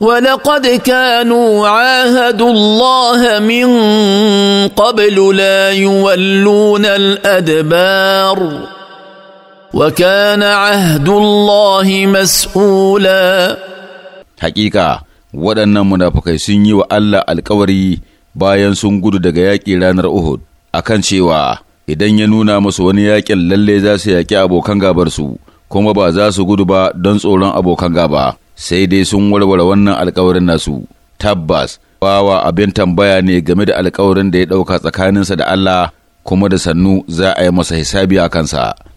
ولقد كانوا عاهدوا الله من قبل لا يولون الادبار وكان عهد الله مسؤولا حقيقه waɗannan munafukai sun yi wa Allah alkawari bayan sun gudu daga yaƙi ranar Uhud kan cewa idan ya nuna musu wani yaƙin lalle za su yaƙi abokan gabarsu kuma ba za su gudu ba don tsoron abokan gaba sai dai sun warware wannan alkawarin nasu tabbas bawa abin tambaya ne game da alkawarin da ya ɗauka tsakaninsa da Allah kuma da sannu za a yi masa hisabi a kansa